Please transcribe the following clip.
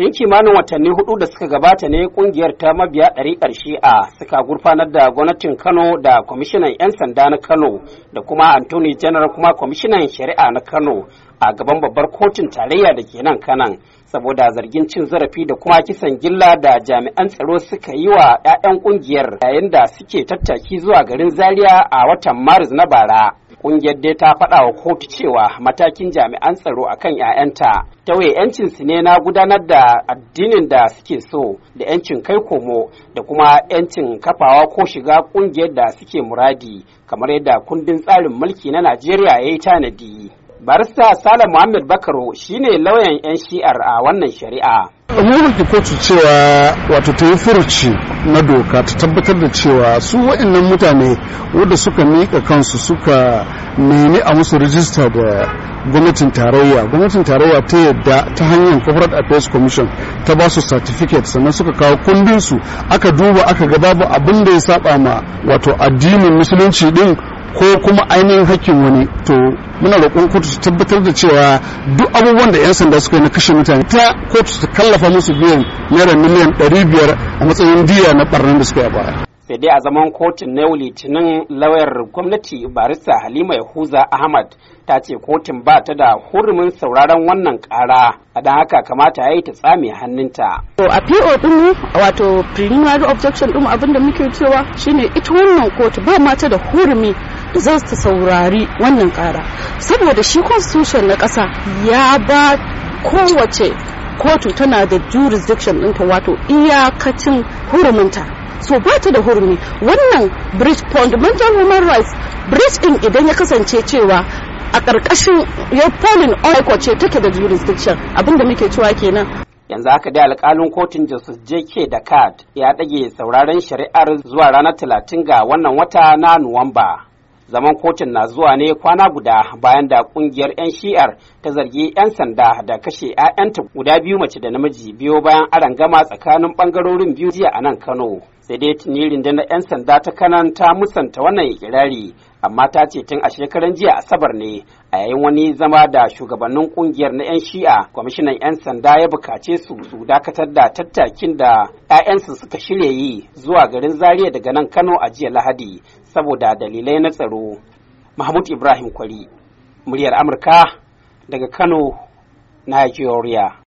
tun kimanin watanni hudu da suka gabata ne kungiyar ta mabiya ɗari ƙarshe a suka gurfanar da gwamnatin kano da kwamishinan 'yan sanda na kano da kuma antony general kuma kwamishinan shari'a na kano a gaban babbar kotun tarayya da ke nan kanan saboda zargin cin zarafi da kuma kisan gilla da jami'an tsaro suka yi wa 'ya'yan kungiyar yayin da suke tattaki zuwa garin zaria a watan maris na bara Ƙungiyar dai ta faɗa wa kotu cewa matakin jami'an tsaro akan 'ya'yanta tauye 'yancinsu ne na gudanar da addinin da suke so da 'yancin kai komo da kuma 'yancin kafawa ko shiga ƙungiyar da suke muradi kamar yadda kundin tsarin mulki na Najeriya ya yi tanadi. Barista Salam Muhammad Bakaro shine lauyan 'yan shi'ar a wannan shari'a. mun roƙi kotu cewa wato ta yi furuci na doka ta tabbatar da cewa su waɗannan mutane wanda suka miƙa kansu suka nemi a musu rijista da gwamnatin tarayya gwamnatin tarayya ta yadda ta hanyar corporate affairs commission ta ba su certificate sannan suka kawo kundinsu aka duba aka ga babu abin da ya saba ma wato addinin musulunci din ko kuma ainihin hakkin wani to muna roƙon kotu su tabbatar da cewa duk abubuwan da 'yan sanda suka yi na kashe mutane ta kotu su kallafa musu biyan naira miliyan 500 a matsayin diya na barnan da suka yi sai dai a zaman kotun na litinin lauyar gwamnati barista halima yahuza ahmad ta ce kotun ba ta da hurumin sauraron wannan kara a dan haka kamata ya yi ta tsame hannunta. to a po din wato preliminary objection din abinda muke cewa shine ita wannan kotu ba mata da hurumi za su saurari wannan kara saboda shi constitution na ƙasa ya ba kowace kotu tana da jurisdiction ɗinta wato iyakacin huruminta so ba ta da hurumi wannan bridge fundamental human rights bridge ɗin idan ya kasance cewa a ƙarƙashin ya polin oiko ce take da jurisdiction abinda muke cewa kenan yanzu haka dai alkalin kotun justice jk da card ya ɗage sauraron shari'ar zuwa ranar talatin ga wannan wata na nuwamba zaman kotun na zuwa ne kwana guda bayan da kungiyar 'yan shi'ar ta zargi 'yan sanda da kashe 'ya'yanta guda biyu mace da namiji biyo bayan arangama tsakanin bangarorin biyu jiya a nan kano sai dai da na 'yan sanda ta kanan ta musanta wannan ikirari amma ta ce tun a shekaran jiya asabar ne a yayin wani zama da shugabannin kungiyar na 'yan shi'a kwamishinan 'yan sanda ya bukace su su dakatar da tattakin da 'ya'yansu suka shirya yi zuwa garin zaria daga nan kano a jiya lahadi saboda dalilai na tsaro mahmud ibrahim kwari muryar amurka daga kano nigeria